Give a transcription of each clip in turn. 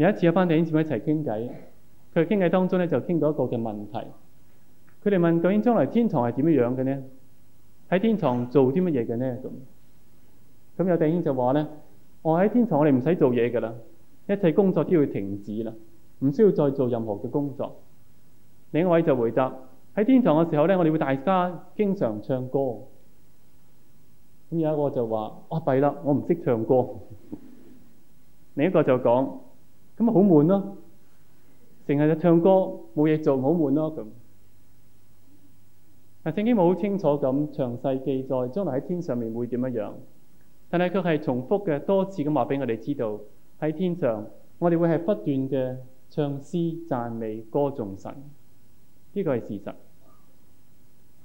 有一次有班弟兄姊妹一齊傾偈，佢哋傾偈當中咧就傾到一個嘅問題，佢哋問究竟將來天堂係點樣樣嘅呢？喺天堂做啲乜嘢嘅呢？」咁，咁有弟兄就話咧：我喺天堂，我哋唔使做嘢噶啦，一切工作都要停止啦，唔需要再做任何嘅工作。另一位就回答：喺天堂嘅時候咧，我哋會大家經常唱歌。咁有一個就話：啊，我弊啦，我唔識唱歌。另一個就講。咁咪好悶咯，成日、啊、就唱歌冇嘢做，好悶咯咁。但聖經冇好清楚咁詳細記載將來喺天上面會點樣，但係佢係重複嘅多次咁話俾我哋知道喺天上，我哋會係不斷嘅唱詩讚美歌頌神，呢個係事實。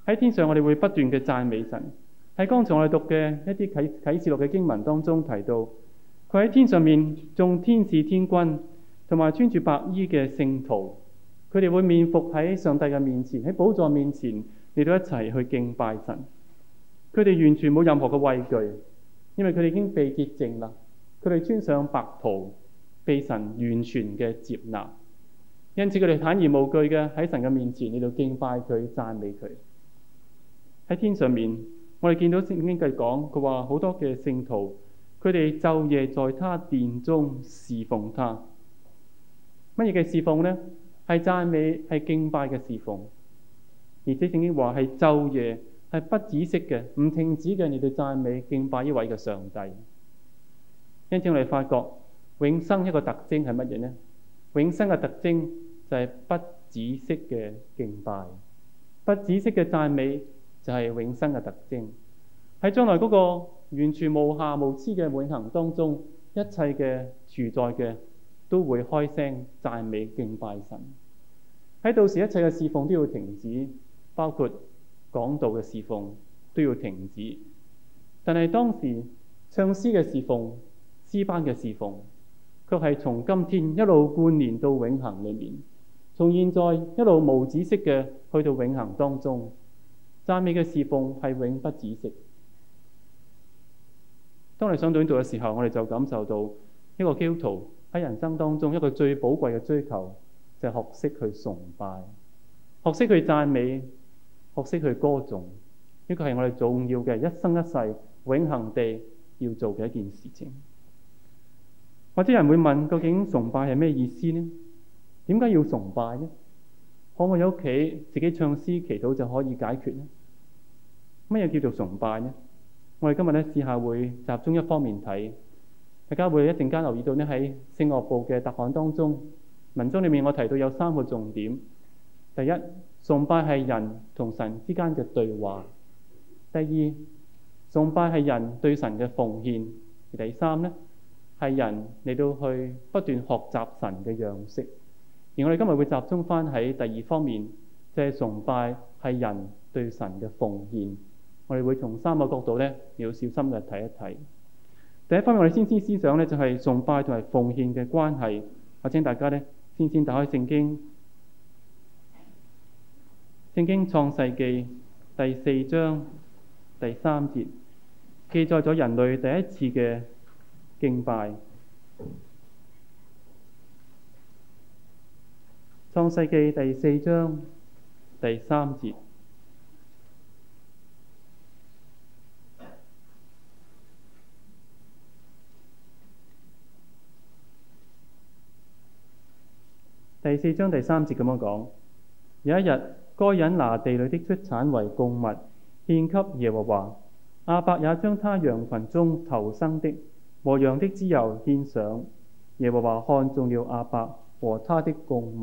喺天上我哋會不斷嘅讚美神。喺剛才我哋讀嘅一啲啟啟示錄嘅經文當中提到，佢喺天上面眾天使天君，同埋穿住白衣嘅聖徒，佢哋會面伏喺上帝嘅面前，喺寶座面前你都一齊去敬拜神。佢哋完全冇任何嘅畏懼，因為佢哋已經被潔淨啦。佢哋穿上白袍，被神完全嘅接納，因此佢哋坦然無懼嘅喺神嘅面前嚟到敬拜佢，讚美佢。喺天上面，我哋見到聖經佢講，佢話好多嘅聖徒，佢哋晝夜在他殿中侍奉他。乜嘢嘅侍奉呢？係讚美、係敬拜嘅侍奉，而且聖經話係晝夜係不止息嘅、唔停止嘅，你對讚美敬拜呢位嘅上帝。因此我哋發覺永生一個特徵係乜嘢呢？永生嘅特徵就係不止息嘅敬拜，不止息嘅讚美就係永生嘅特徵。喺將來嗰個完全無瑕無疵嘅永恆當中，一切嘅存在嘅。都會開聲讚美敬拜神，喺到時，一切嘅侍奉都要停止，包括講道嘅侍奉都要停止。但係當時唱詩嘅侍奉、詩班嘅侍奉，卻係從今天一路貫連到永恆裏面，從現在一路無止息嘅去到永恆當中，讚美嘅侍奉係永不止息。當你想到呢度嘅時候，我哋就感受到一個絢圖。喺人生當中一個最寶貴嘅追求，就係學識去崇拜，學識去讚美，學識去歌頌。呢個係我哋重要嘅一生一世、永恆地要做嘅一件事情。或者人會問：究竟崇拜係咩意思呢？點解要崇拜呢？可唔可以喺屋企自己唱詩、祈禱就可以解決呢？乜嘢叫做崇拜呢？我哋今日呢，試下會集中一方面睇。大家會一陣間留意到呢，喺聖樂部嘅答案當中，文章裏面我提到有三個重點。第一，崇拜係人同神之間嘅對話；第二，崇拜係人對神嘅奉獻；第三呢，係人你到去不斷學習神嘅樣式。而我哋今日會集中翻喺第二方面，即係崇拜係人對神嘅奉獻。我哋會從三個角度呢，你要小心嘅睇一睇。第一方面，我哋先先思想咧，就係崇拜同埋奉獻嘅關係。我請大家咧，先先打開聖經，聖經創世紀第四章第三節，記載咗人類第一次嘅敬拜。創世紀第四章第三節。第四章第三節咁樣講：有一日，該隱拿地裏的出產為供物獻給耶和華，亞伯也將他羊群中頭生的和羊的脂油獻上。耶和華看中了亞伯和他的供物。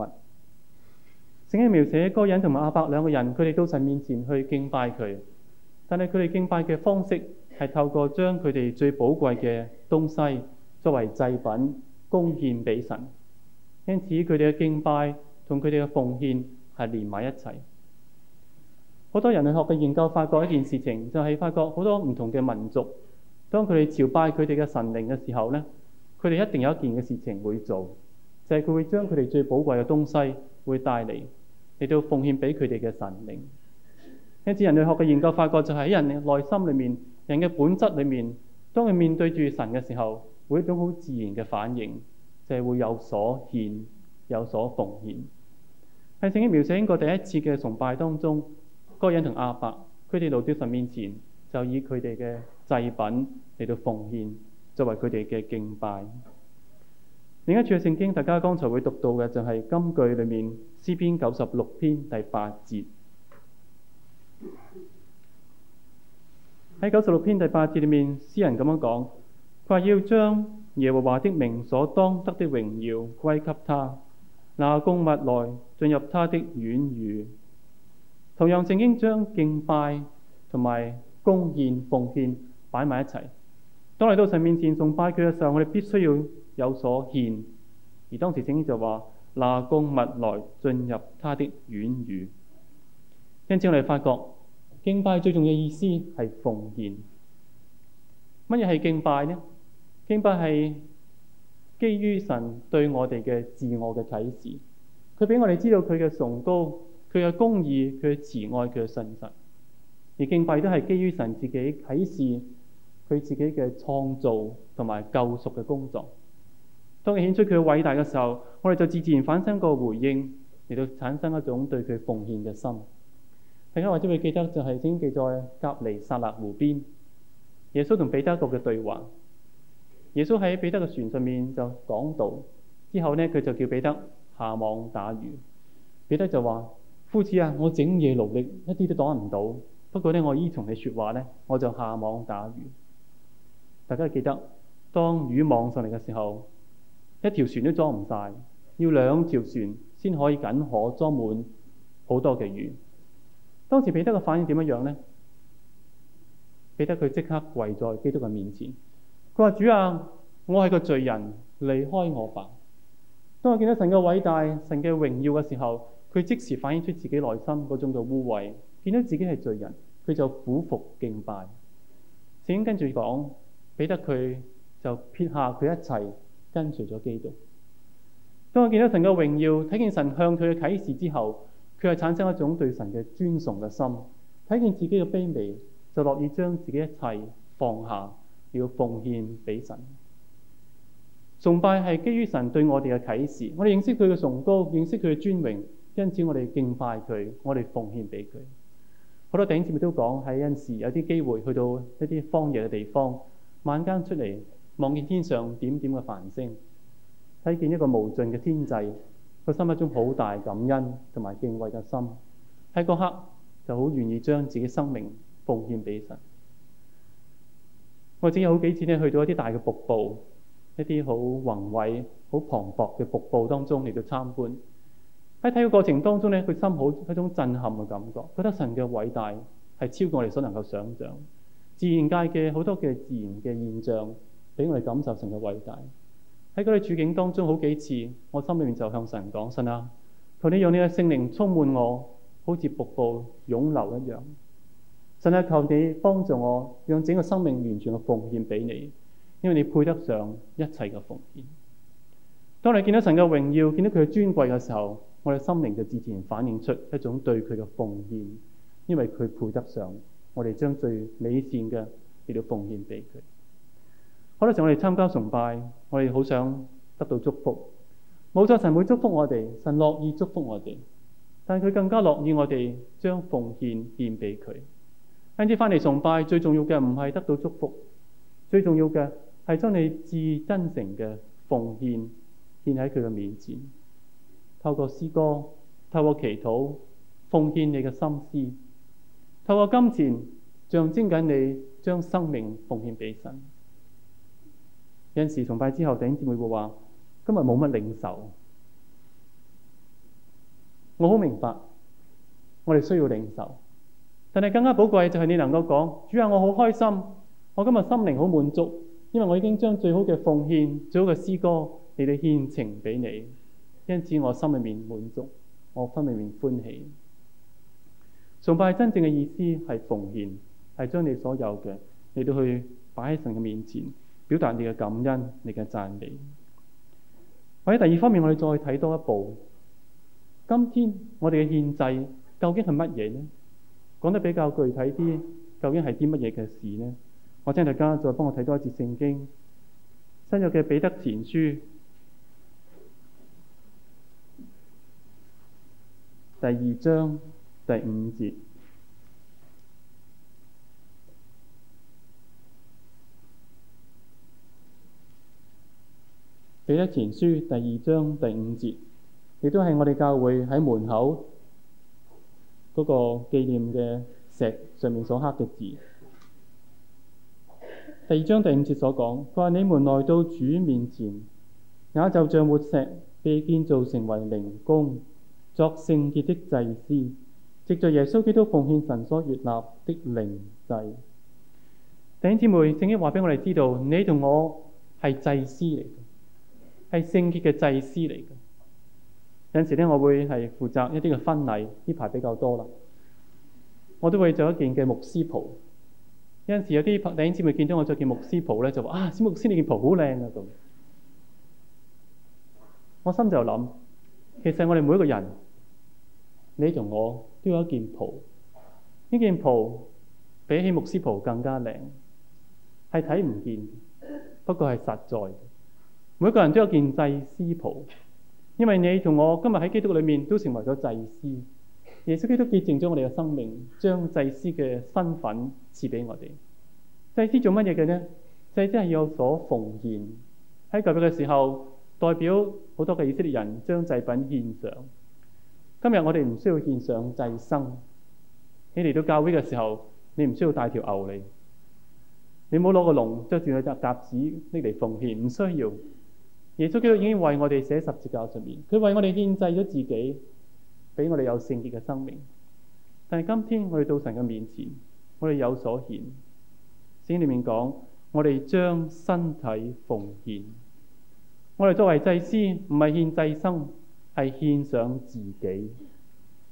聖經描寫該隱同埋亞伯兩個人，佢哋到神面前去敬拜佢，但係佢哋敬拜嘅方式係透過將佢哋最寶貴嘅東西作為祭品貢獻俾神。因此，佢哋嘅敬拜同佢哋嘅奉獻係連埋一齊。好多人類學嘅研究發覺一件事情，就係發覺好多唔同嘅民族，當佢哋朝拜佢哋嘅神靈嘅時候呢，佢哋一定有一件嘅事情會做，就係、是、佢會將佢哋最寶貴嘅東西會帶嚟，嚟到奉獻俾佢哋嘅神靈。因此，人類學嘅研究發覺就係喺人嘅內心裏面、人嘅本質裏面，當佢面對住神嘅時候，會一種好自然嘅反應。社會有所獻，有所奉獻。喺聖經描寫過第一次嘅崇拜當中，嗰人同亞伯，佢哋喺路神面前，就以佢哋嘅祭品嚟到奉獻，作為佢哋嘅敬拜。另一處嘅聖經，大家剛才會讀到嘅就係金句裏面，詩篇九十六篇第八節。喺九十六篇第八節裏面，詩人咁樣講，佢話要將。耶和華的名所當得的榮耀歸給他，拿供物來進入他的院宇。同樣聖經將敬拜同埋貢獻奉獻擺埋一齊。當嚟到神面前崇拜佢嘅時候，我哋必須要有所獻。而當時聖經就話：拿供物來進入他的院宇。因此我哋發覺敬拜最重要嘅意思係奉獻。乜嘢係敬拜呢？敬不係基於神對我哋嘅自我嘅啟示，佢俾我哋知道佢嘅崇高、佢嘅公義、佢嘅慈愛、佢嘅信實。而敬拜都係基於神自己啟示佢自己嘅創造同埋救贖嘅工作。當佢顯出佢偉大嘅時候，我哋就自然反生個回應，嚟到產生一種對佢奉獻嘅心。大家或者只會記得就係聖經記載，隔離撒勒湖邊，耶穌同彼得一嘅對話。耶穌喺彼得嘅船上面就講道：「之後呢，佢就叫彼得下網打魚。彼得就話：夫子啊，我整夜勞力，一啲都打唔到。不過呢，我依從你說話呢，我就下網打魚。大家記得，當魚網上嚟嘅時候，一條船都裝唔晒，要兩條船先可以僅可裝滿好多嘅魚。當時彼得嘅反應點樣樣呢？彼得佢即刻跪在基督嘅面前。佢話主啊，我係個罪人，離開我吧。當我見到神嘅偉大、神嘅榮耀嘅時候，佢即時反映出自己內心嗰種嘅污穢，見到自己係罪人，佢就俯伏敬拜。聖經跟住講，彼得佢就撇下佢一切，跟隨咗基督。當我見到神嘅榮耀，睇見神向佢嘅啟示之後，佢就產生一種對神嘅尊崇嘅心，睇見自己嘅卑微，就樂意將自己一切放下。要奉獻俾神，崇拜係基於神對我哋嘅啟示，我哋認識佢嘅崇高，認識佢嘅尊榮，因此我哋敬拜佢，我哋奉獻俾佢。好多弟兄都講喺有陣時有啲機會去到一啲荒野嘅地方，晚間出嚟望見天上點點嘅繁星，睇見一個無盡嘅天際，個心一種好大感恩同埋敬畏嘅心，喺嗰刻就好願意將自己生命奉獻俾神。我只有好幾次呢，去到一啲大嘅瀑布，一啲好宏偉、好磅礴嘅瀑布當中嚟到參觀。喺睇嘅過程當中呢，佢心好一種震撼嘅感覺，覺得神嘅偉大係超過我哋所能夠想像。自然界嘅好多嘅自然嘅現象，俾我哋感受神嘅偉大。喺佢啲處境當中，好幾次我心裏面就向神講：神啊，求你讓你嘅聖靈充滿我，好似瀑布湧流一樣。神啊，求你幫助我，讓整個生命完全嘅奉獻俾你，因為你配得上一切嘅奉獻。當你見到神嘅榮耀，見到佢嘅尊貴嘅時候，我哋心靈就自然反映出一種對佢嘅奉獻，因為佢配得上我哋將最美善嘅嚟到奉獻俾佢。好多時我哋參加崇拜，我哋好想得到祝福。冇錯，神會祝福我哋，神樂意祝福我哋，但佢更加樂意我哋將奉獻獻俾佢。因此，翻嚟崇拜最重要嘅唔係得到祝福，最重要嘅係將你至真誠嘅奉獻獻喺佢嘅面前。透過詩歌，透過祈禱，奉獻你嘅心思；透過金錢，象徵緊你將生命奉獻俾神。有陣時崇拜之後，弟兄姊妹會話：今日冇乜領受。我好明白，我哋需要領受。但係更加寶貴就係、是、你能夠講，主啊，我好開心，我今日心靈好滿足，因為我已經將最好嘅奉獻、最好嘅詩歌你哋獻情俾你，因此我心裏面滿足，我心裏面歡喜。崇拜真正嘅意思係奉獻，係將你所有嘅你都去擺喺神嘅面前，表達你嘅感恩、你嘅讚美。或者第二方面，我哋再睇多一步，今天我哋嘅獻祭究竟係乜嘢呢？講得比較具體啲，究竟係啲乜嘢嘅事呢？我請大家再幫我睇多一節聖經，《新約嘅彼得前書》第二章第五節。彼得前書第二章第五節，亦都係我哋教會喺門口。嗰個紀念嘅石上面所刻嘅字，第二章第五節所講，佢話：你們來到主面前，也就像活石被建造成為靈宮，作聖潔的祭司，藉著耶穌基督奉獻神所悅納的靈祭。弟兄姊妹，聖經話俾我哋知道，你同我係祭司嚟嘅，係聖潔嘅祭司嚟嘅。有陣時咧，我會係負責一啲嘅婚禮，呢排比較多啦。我都會著一件嘅牧師袍。有陣時有啲朋友、弟兄姊妹見到我著件牧師袍咧，就話：啊，蕭牧師你件袍好靚啊！咁我心就諗，其實我哋每個人，你同我都有一件袍。呢件袍比起牧師袍更加靚，係睇唔見，不過係實在。每個人都有件祭司袍。因為你同我今日喺基督裏面都成為咗祭司，耶穌基督潔淨咗我哋嘅生命，將祭司嘅身份賜俾我哋。祭司做乜嘢嘅呢？祭司係有所奉獻。喺舊約嘅時候，代表好多嘅以色列人將祭品獻上。今日我哋唔需要獻上祭牲。你嚟到教會嘅時候，你唔需要帶條牛嚟。你唔好攞個籠捉住個鴿子拎嚟奉獻，唔需要。耶穌基督已經為我哋寫十字架上面，佢為我哋獻祭咗自己，俾我哋有聖潔嘅生命。但係今天我哋到神嘅面前，我哋有所獻。聖經裏面講，我哋將身體奉獻。我哋作為祭司，唔係獻祭生，係獻上自己。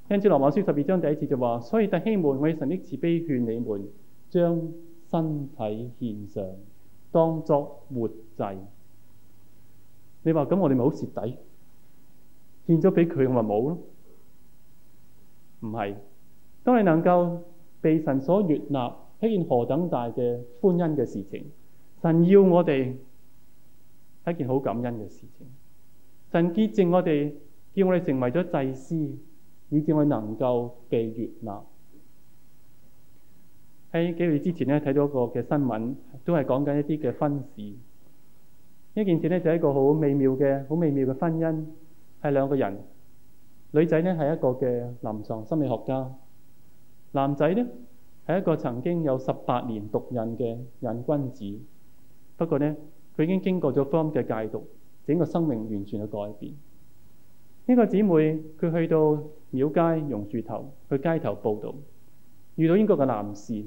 聽住羅馬書十二章第一次就話，所以弟兄們，我以神的慈悲勸你們，將身體獻上，當作活祭。你話咁，我哋咪好蝕底？獻咗俾佢，我咪冇咯？唔係，當你能夠被神所悅納，係一件何等大嘅歡欣嘅事情。神要我哋係一件好感恩嘅事情。神潔淨我哋，叫我哋成為咗祭司，以至我哋能夠被悅納。喺幾月之前咧，睇到一個嘅新聞，都係講緊一啲嘅婚事。呢件事呢，就係、是、一個好微妙嘅、好微妙嘅婚姻，係兩個人，女仔呢，係一個嘅臨床心理學家，男仔呢，係一個曾經有十八年毒癮嘅癮君子。不過呢，佢已經經過咗方嘅戒毒，整個生命完全嘅改變。呢、這個姊妹佢去到廟街榕樹頭去街頭報道，遇到英國嘅男士。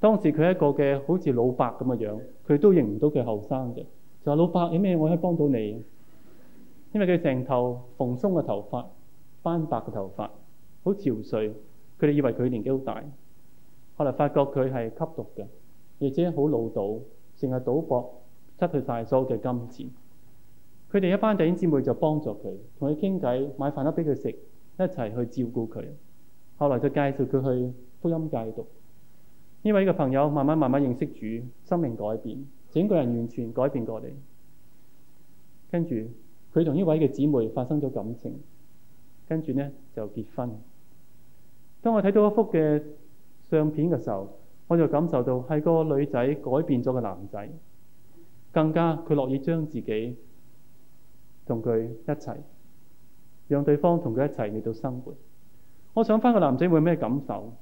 當時佢係一個嘅好似老伯咁嘅樣，佢都認唔到佢後生嘅。老伯有咩、欸、我可以幫到你、啊？因為佢成頭蓬鬆嘅頭髮、斑白嘅頭髮，好憔悴。佢哋以為佢年紀好大，後來發覺佢係吸毒嘅，而且好老賭，成日賭博，失去晒所有嘅金錢。佢哋一班弟兄姊妹就幫助佢，同佢傾偈，買飯盒俾佢食，一齊去照顧佢。後來就介紹佢去福音戒毒。呢位嘅朋友慢慢慢慢認識主，生命改變。整個人完全改變過嚟，跟住佢同呢位嘅姊妹發生咗感情，跟住呢就結婚。當我睇到一幅嘅相片嘅時候，我就感受到係個女仔改變咗個男仔，更加佢樂意將自己同佢一齊，讓對方同佢一齊嚟到生活。我想返個男仔會有咩感受？呢、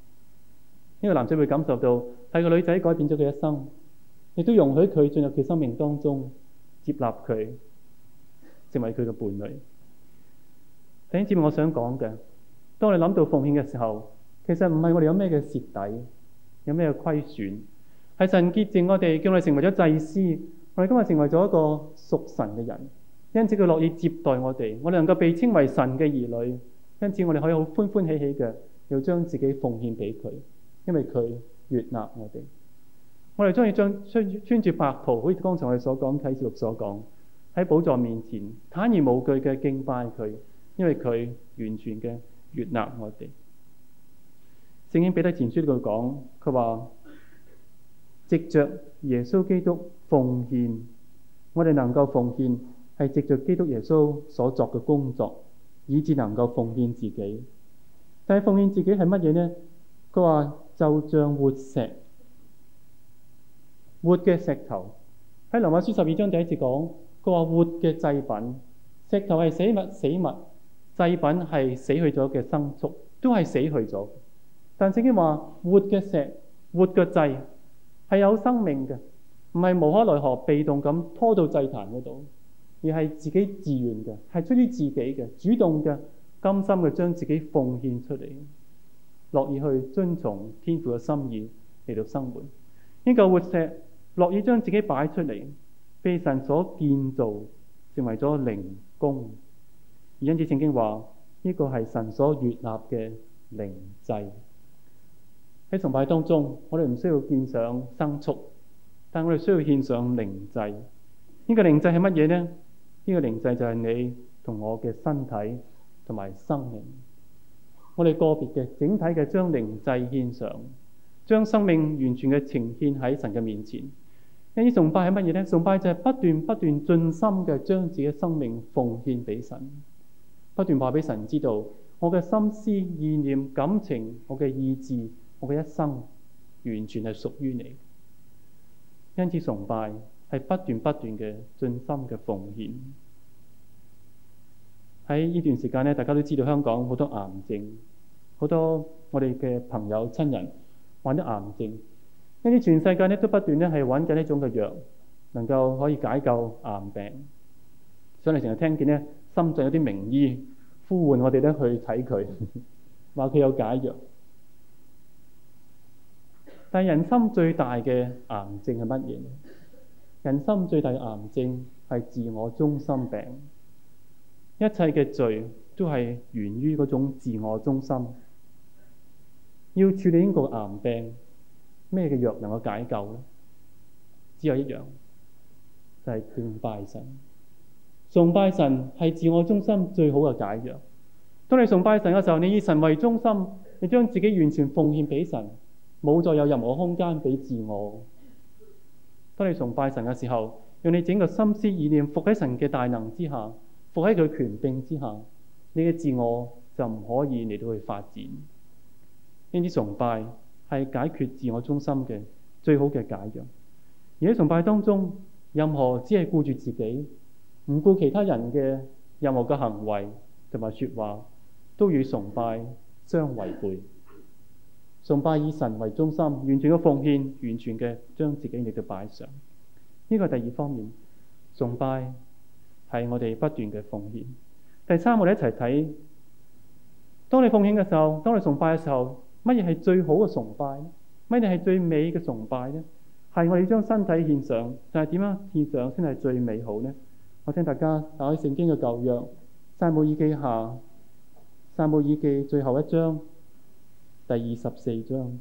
這個男仔會感受到係個女仔改變咗佢一生。亦都容許佢進入佢生命當中接納，接納佢成為佢嘅伴侶。弟兄姊妹，我想講嘅，當你諗到奉獻嘅時候，其實唔係我哋有咩嘅蝕底，有咩嘅虧損，係神潔淨我哋，叫我哋成為咗祭司，我哋今日成為咗一個屬神嘅人，因此佢樂意接待我哋，我哋能夠被稱為神嘅兒女，因此我哋可以好歡歡喜喜嘅，要將自己奉獻俾佢，因為佢悅納我哋。我哋將要穿住白袍，好似剛才我哋所講，啟示錄所講，喺寶座面前坦然無懼嘅敬拜佢，因為佢完全嘅悅納我哋。聖經彼得前書佢講，佢話藉着耶穌基督奉獻，我哋能夠奉獻係藉着基督耶穌所作嘅工作，以致能夠奉獻自己。但係奉獻自己係乜嘢呢？佢話就像活石。活嘅石頭喺羅馬書十二章第一節講，佢話活嘅祭品，石頭係死物，死物，祭品係死去咗嘅牲畜，都係死去咗。但聖經話活嘅石、活嘅祭係有生命嘅，唔係無可奈何被動咁拖到祭壇嗰度，而係自己自願嘅，係出於自己嘅主動嘅，甘心嘅將自己奉獻出嚟，樂意去遵從天父嘅心意嚟到生活呢嚿活石。樂意將自己擺出嚟，被神所建造，成為咗靈宮。而因此，聖經話呢個係神所悅納嘅靈祭。喺崇拜當中，我哋唔需要獻上牲畜，但我哋需要獻上靈祭。呢個靈祭係乜嘢呢？呢個靈祭就係你同我嘅身體同埋生命。我哋個別嘅整體嘅，將靈祭獻上，將生命完全嘅呈獻喺神嘅面前。因此崇拜係乜嘢呢？崇拜就係不斷不斷盡心嘅將自己生命奉獻俾神，不斷話俾神知道，我嘅心思意念、感情、我嘅意志、我嘅一生，完全係屬於你。因此崇拜係不斷不斷嘅盡心嘅奉獻。喺呢段時間呢，大家都知道香港好多癌症，好多我哋嘅朋友親人患咗癌症。呢啲全世界咧都不斷咧係揾緊呢種嘅藥，能夠可以解救癌病。所以成日聽見咧，深圳有啲名醫呼喚我哋咧去睇佢，話佢有解藥。但人心最大嘅癌症係乜嘢？人心最大嘅癌症係自我中心病。一切嘅罪都係源於嗰種自我中心。要處理呢個癌病。咩嘅藥能夠解救呢？只有一樣，就係崇拜神。崇拜神係自我中心最好嘅解藥。當你崇拜神嘅時候，你以神為中心，你將自己完全奉獻畀神，冇再有任何空間畀自我。當你崇拜神嘅時候，用你整個心思意念伏喺神嘅大能之下，伏喺佢權柄之下，你嘅自我就唔可以嚟到去發展。呢啲崇拜，係解決自我中心嘅最好嘅解藥，而喺崇拜當中，任何只係顧住自己，唔顧其他人嘅任何嘅行為同埋説話，都與崇拜相違背。崇拜以神為中心，完全嘅奉獻，完全嘅將自己嘅嘢擺上，呢、這個係第二方面。崇拜係我哋不斷嘅奉獻。第三，我哋一齊睇，當你奉獻嘅時候，當你崇拜嘅時候。乜嘢係最好嘅崇拜？乜嘢係最美嘅崇拜咧？係我哋將身體獻上，但係點啊？獻上先係最美好呢？我請大家打開聖經嘅舊約《撒母耳記下》，《撒母耳記》最後一章第二十四章。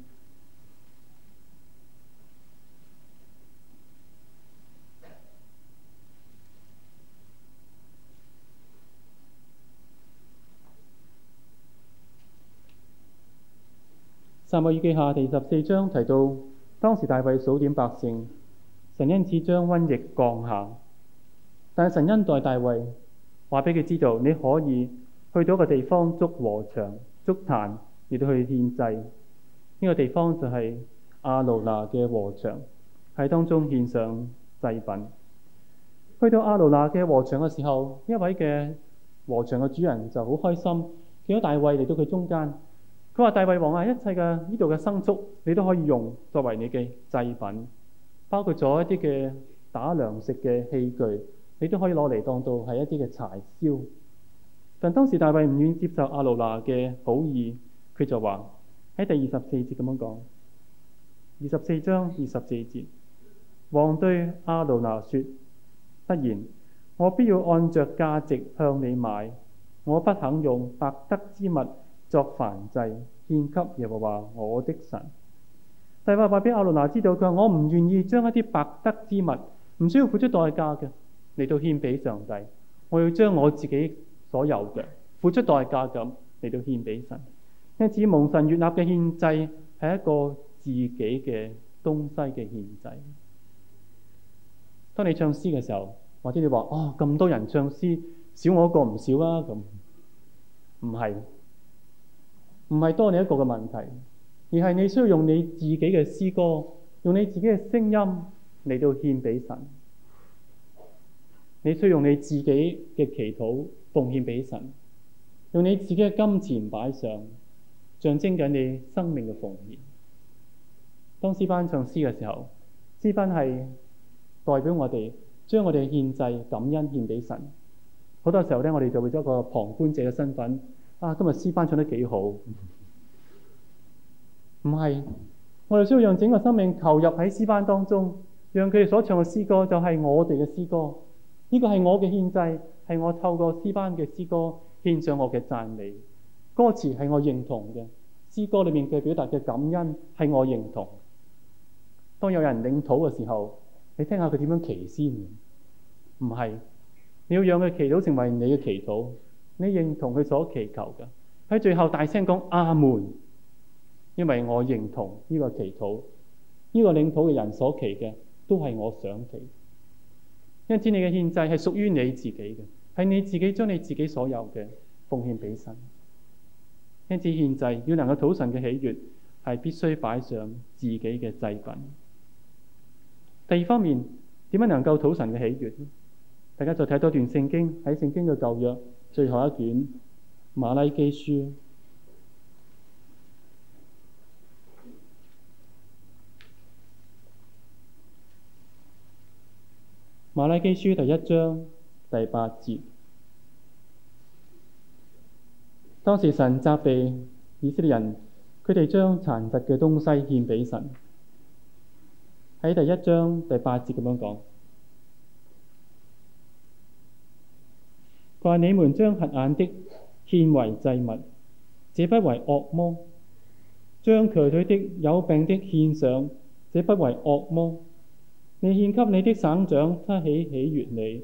撒母耳記下第十四章提到，當時大衛數點百姓，神因此將瘟疫降下。但神恩待大衛，話俾佢知道，你可以去到一個地方築禾場、築壇，亦都去獻祭。呢、這個地方就係阿魯拿嘅禾場，喺當中獻上祭品。去到阿魯拿嘅禾場嘅時候，一位嘅禾場嘅主人就好開心，見到大衛嚟到佢中間。佢話：大衛王啊，一切嘅呢度嘅牲畜，你都可以用作為你嘅祭品，包括咗一啲嘅打糧食嘅器具，你都可以攞嚟當做係一啲嘅柴燒。但當時大衛唔願意接受阿路拿嘅好意，佢就話，喺第二十四節咁樣講。二十四章二十四節，王對阿路拿説：不然，我必要按着價值向你買，我不肯用白得之物。作燔祭獻給耶和華我的神。大衛話俾阿路拿知道，佢話我唔願意將一啲白得之物，唔需要付出代價嘅嚟到獻畀上帝。我要將我自己所有嘅付出代價咁嚟到獻俾神。因此，蒙神悅納嘅獻祭係一個自己嘅東西嘅獻祭。當你唱詩嘅時候，或者你話哦，咁多人唱詩，少我一個唔少啊咁，唔係。唔係多你一個嘅問題，而係你需要用你自己嘅詩歌，用你自己嘅聲音嚟到獻畀神。你需要用你自己嘅祈禱奉獻畀神，用你自己嘅金錢擺上，象徵緊你生命嘅奉獻。當詩班唱詩嘅時候，詩班係代表我哋將我哋嘅獻祭、感恩獻畀神。好多時候咧，我哋就會做一個旁觀者嘅身份。啊！今日詩班唱得幾好？唔係，我哋需要讓整個生命投入喺詩班當中，讓佢哋所唱嘅詩歌就係我哋嘅詩歌。呢、這個係我嘅獻祭，係我透過詩班嘅詩歌獻上我嘅讚美。歌詞係我認同嘅，詩歌裡面嘅表達嘅感恩係我認同。當有人領禱嘅時候，你聽下佢點樣祈先。唔係。你要讓佢祈禱成為你嘅祈禱。你認同佢所祈求嘅，喺最後大聲講阿門，因為我認同呢個祈禱，呢、這個領土嘅人所祈嘅都係我想祈。因此，你嘅獻祭係屬於你自己嘅，係你自己將你自己所有嘅奉獻俾神。因此獻祭要能夠討神嘅喜悅，係必須擺上自己嘅祭品。第二方面，點樣能夠討神嘅喜悅？大家就睇多段聖經，喺聖經嘅舊約。最後一卷《馬拉基書》，馬拉基書第一章第八節。當時神責備以色列人，佢哋將殘疾嘅東西獻畀神。喺第一章第八節咁樣講。在你們將瞎眼的獻為祭物，這不為惡麼？將瘸腿的有病的獻上，這不為惡麼？你獻給你的省長，他豈喜悅你，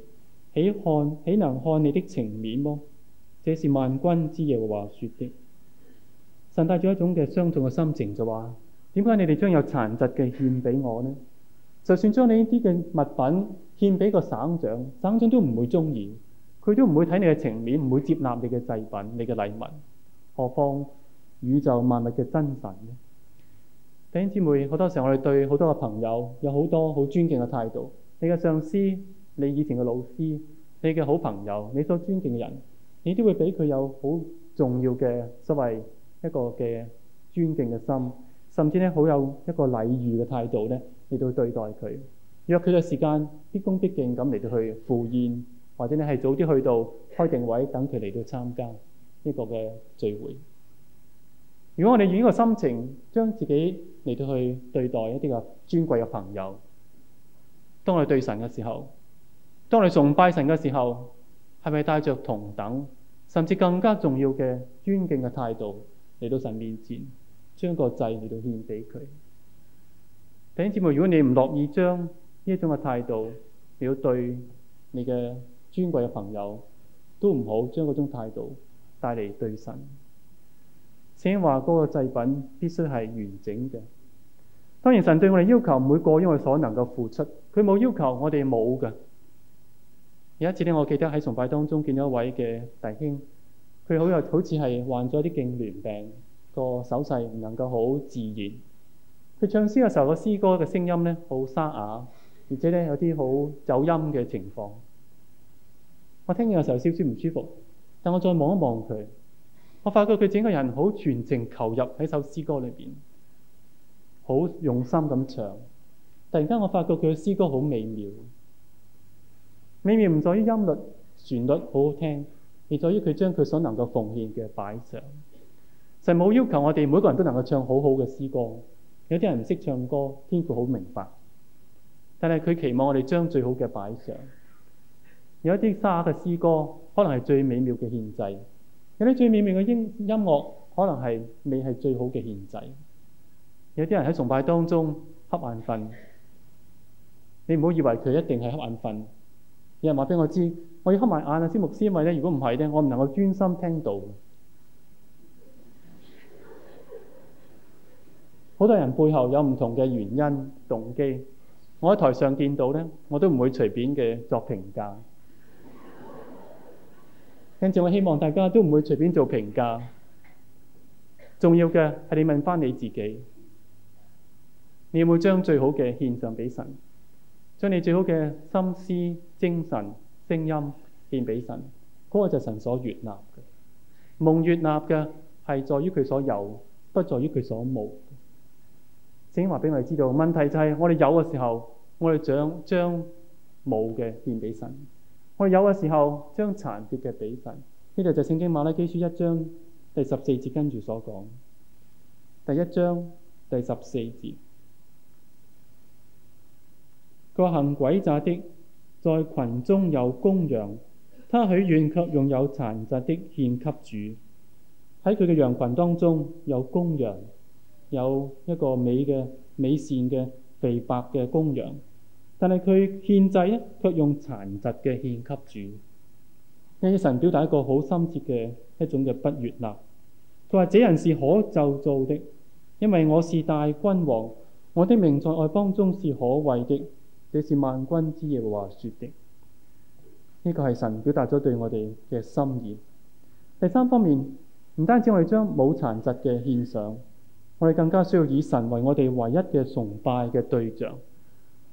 豈看，豈能看你的情面麼？這是萬軍之耶和華說的。神帶著一種嘅傷痛嘅心情就話：點解你哋將有殘疾嘅獻俾我呢？就算將你啲嘅物品獻俾個省長，省長都唔會中意。佢都唔會睇你嘅情面，唔會接納你嘅祭品、你嘅禮物。何況宇宙萬物嘅真神呢？弟兄姊妹，好多時候我哋對好多嘅朋友有好多好尊敬嘅態度。你嘅上司、你以前嘅老師、你嘅好朋友、你所尊敬嘅人，你都會俾佢有好重要嘅，所謂一個嘅尊敬嘅心，甚至呢，好有一個禮遇嘅態度呢嚟到對待佢，約佢嘅時間，畢恭畢敬咁嚟到去赴宴。或者你係早啲去到開定位，等佢嚟到參加呢個嘅聚會。如果我哋以呢個心情，將自己嚟到去對待一啲嘅尊貴嘅朋友，當你對神嘅時候，當你崇拜神嘅時候，係咪帶着同等甚至更加重要嘅尊敬嘅態度嚟到神面前，將個祭嚟到獻俾佢？弟兄姊妹，如果你唔樂意將呢一種嘅態度表到對你嘅尊貴嘅朋友，都唔好將嗰種態度帶嚟對神。先話嗰個祭品必須係完整嘅。當然，神對我哋要求唔會過於我所能夠付出。佢冇要求我哋冇㗎。有一次呢，我記得喺崇拜當中見到一位嘅弟兄，佢好又好似係患咗啲痙攣病，個手勢唔能夠好自然。佢唱詩嘅時候，個詩歌嘅聲音呢，好沙啞，而且呢，有啲好走音嘅情況。我聽嘅時候少少唔舒服，但我再望一望佢，我發覺佢整個人好全情投入喺首詩歌裏邊，好用心咁唱。突然間我發覺佢嘅詩歌好美妙，美妙唔在於音律旋律好好聽，而在於佢將佢所能夠奉獻嘅擺上。神冇要求我哋每一個人都能夠唱好好嘅詩歌，有啲人唔識唱歌，天父好明白，但係佢期望我哋將最好嘅擺上。有一啲沙啞嘅詩歌，可能係最美妙嘅獻祭；有啲最美妙嘅音音樂，可能係未係最好嘅獻祭。有啲人喺崇拜當中瞌眼瞓，你唔好以為佢一定係瞌眼瞓。有人話畀我知，我要瞌埋眼啊，先牧師，因為咧，如果唔係咧，我唔能夠專心聽到。好多人背後有唔同嘅原因、動機，我喺台上見到咧，我都唔會隨便嘅作評價。跟住，我希望大家都唔會隨便做評價，重要嘅係你問翻你自己，你有冇將最好嘅獻上俾神？將你最好嘅心思、精神、聲音獻俾神，嗰個就神所悅納嘅。蒙悅納嘅係在於佢所有，不在於佢所冇。請話俾我哋知道，問題就係我哋有嘅時候，我哋將將冇嘅獻俾神。我有嘅時候，將殘缺嘅俾份。呢度就聖經馬拉基書一章第十四節跟住所講，第一章第十四節。個行詭詐的，在群中有公羊，他許願卻用有殘疾的獻給主。喺佢嘅羊群當中，有公羊，有一個美嘅、美善嘅、肥白嘅公羊。但係佢獻祭咧，卻用殘疾嘅獻給主，因此神表達一個好深切嘅一種嘅不悦納。佢話：這人是可就造的可咒詛的，因為我是大君王，我的名在外邦中是可畏的。這是萬軍之耶和華說的。呢個係神表達咗對我哋嘅心意。第三方面，唔單止我哋將冇殘疾嘅獻上，我哋更加需要以神為我哋唯一嘅崇拜嘅對象。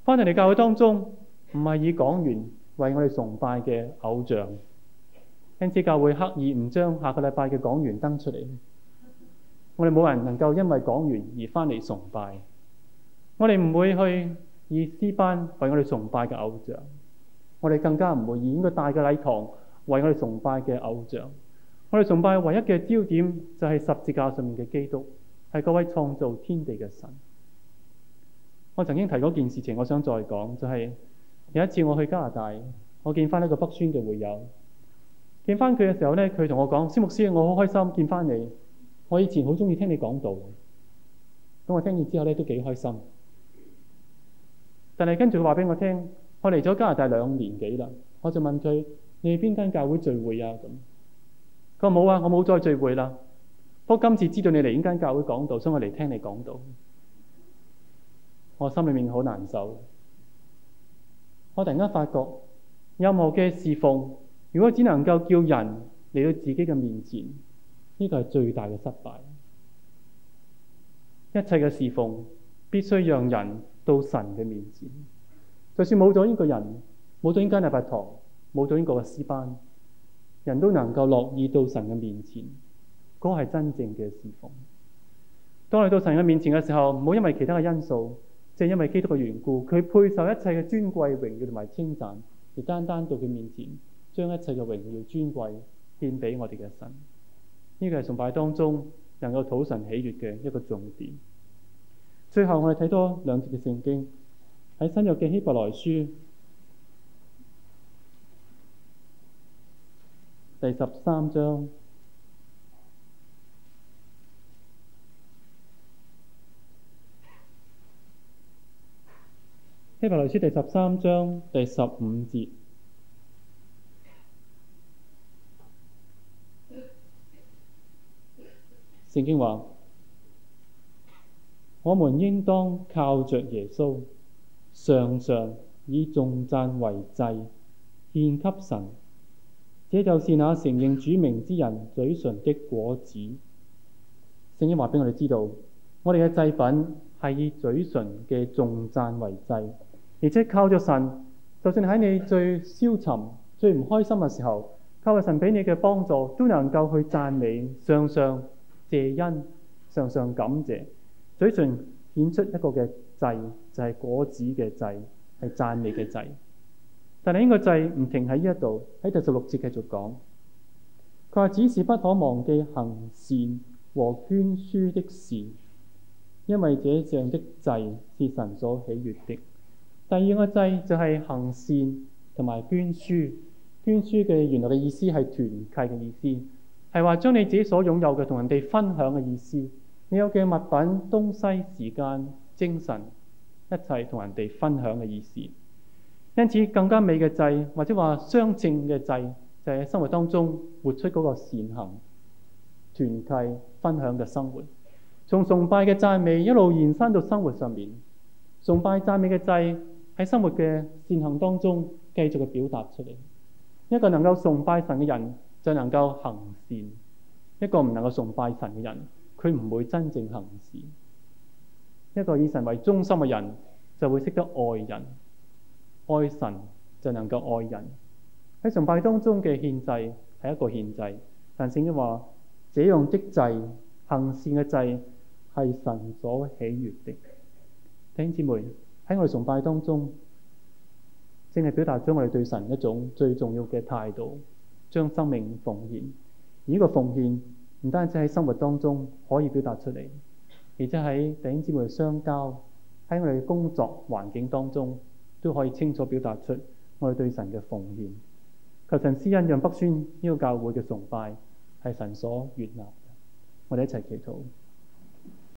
翻嚟教會當中，唔係以講員為我哋崇拜嘅偶像。因此教會刻意唔將下個禮拜嘅講員登出嚟。我哋冇人能夠因為講員而翻嚟崇拜。我哋唔會去以詩班為我哋崇拜嘅偶像。我哋更加唔會以呢個大嘅禮堂為我哋崇拜嘅偶像。我哋崇拜唯一嘅焦點就係十字架上面嘅基督，係嗰位創造天地嘅神。我曾經提過件事情，我想再講，就係有一次我去加拿大，我見翻一個北宣嘅會友，見翻佢嘅時候咧，佢同我講：蕭牧師，我好開心見翻你，我以前好中意聽你講道。咁我聽完之後咧都幾開心，但係跟住佢話俾我聽，我嚟咗加拿大兩年幾啦。我就問佢：你邊間教會聚會啊？咁佢話冇啊，我冇再聚會啦。不過今次知道你嚟呢間教會講道，所以我嚟聽你講道。我心裏面好難受，我突然間發覺任何嘅侍奉，如果只能夠叫人嚟到自己嘅面前，呢個係最大嘅失敗。一切嘅侍奉必須讓人到神嘅面前。就算冇咗呢個人，冇咗呢間禮拜堂，冇咗呢個詩班，人都能夠樂意到神嘅面前，嗰個係真正嘅侍奉。當你到神嘅面前嘅時候，唔好因為其他嘅因素。正因為基督嘅緣故，佢配受一切嘅尊貴榮耀同埋稱讚，而單單到佢面前將一切嘅榮耀尊貴獻俾我哋嘅神。呢、這個係崇拜當中能夠討神喜悅嘅一個重點。最後我哋睇多兩節嘅聖經，喺新約嘅希伯來書第十三章。希伯來書第十三章第十五節，聖經話：我們應當靠着耶穌，常常以頌讚為祭，獻給神。這就是那承認主名之人嘴唇的果子。聖經話俾我哋知道，我哋嘅祭品係以嘴唇嘅頌讚為祭。而且靠著神，就算喺你最消沉、最唔開心嘅時候，靠著神俾你嘅幫助，都能夠去讚美，常常謝恩，常常感謝，嘴唇顯出一個嘅祭就係，、是、果子嘅祭，係讚美嘅祭，但係呢個祭唔停喺呢一度，喺第十六節繼續講，佢話：只是不可忘記行善和捐輸的事，因為這樣的祭是神所喜悦的。第二個祭就係行善同埋捐輸。捐輸嘅原來嘅意思係團契嘅意思，係話將你自己所擁有嘅同人哋分享嘅意思。你有嘅物品、東西、時間、精神，一切同人哋分享嘅意思。因此更加美嘅祭，或者話相正嘅祭，就係喺生活當中活出嗰個善行、團契、分享嘅生活。從崇拜嘅讚美一路延伸到生活上面，崇拜讚美嘅祭。喺生活嘅善行當中，繼續嘅表達出嚟。一個能夠崇拜神嘅人，就能夠行善；一個唔能夠崇拜神嘅人，佢唔會真正行善。一個以神為中心嘅人，就會識得愛人，愛神就能夠愛人。喺崇拜當中嘅獻祭係一個獻祭，但聖經話，這樣嘅祭，行善嘅祭係神所喜悦的。弟兄姊喺我哋崇拜當中，正係表達咗我哋對神一種最重要嘅態度，將生命奉獻。而呢個奉獻唔單止喺生活當中可以表達出嚟，而且喺弟兄姊妹相交、喺我哋嘅工作環境當中，都可以清楚表達出我哋對神嘅奉獻。求神施恩，讓北宣呢個教會嘅崇拜係神所悅納嘅。我哋一齊祈禱。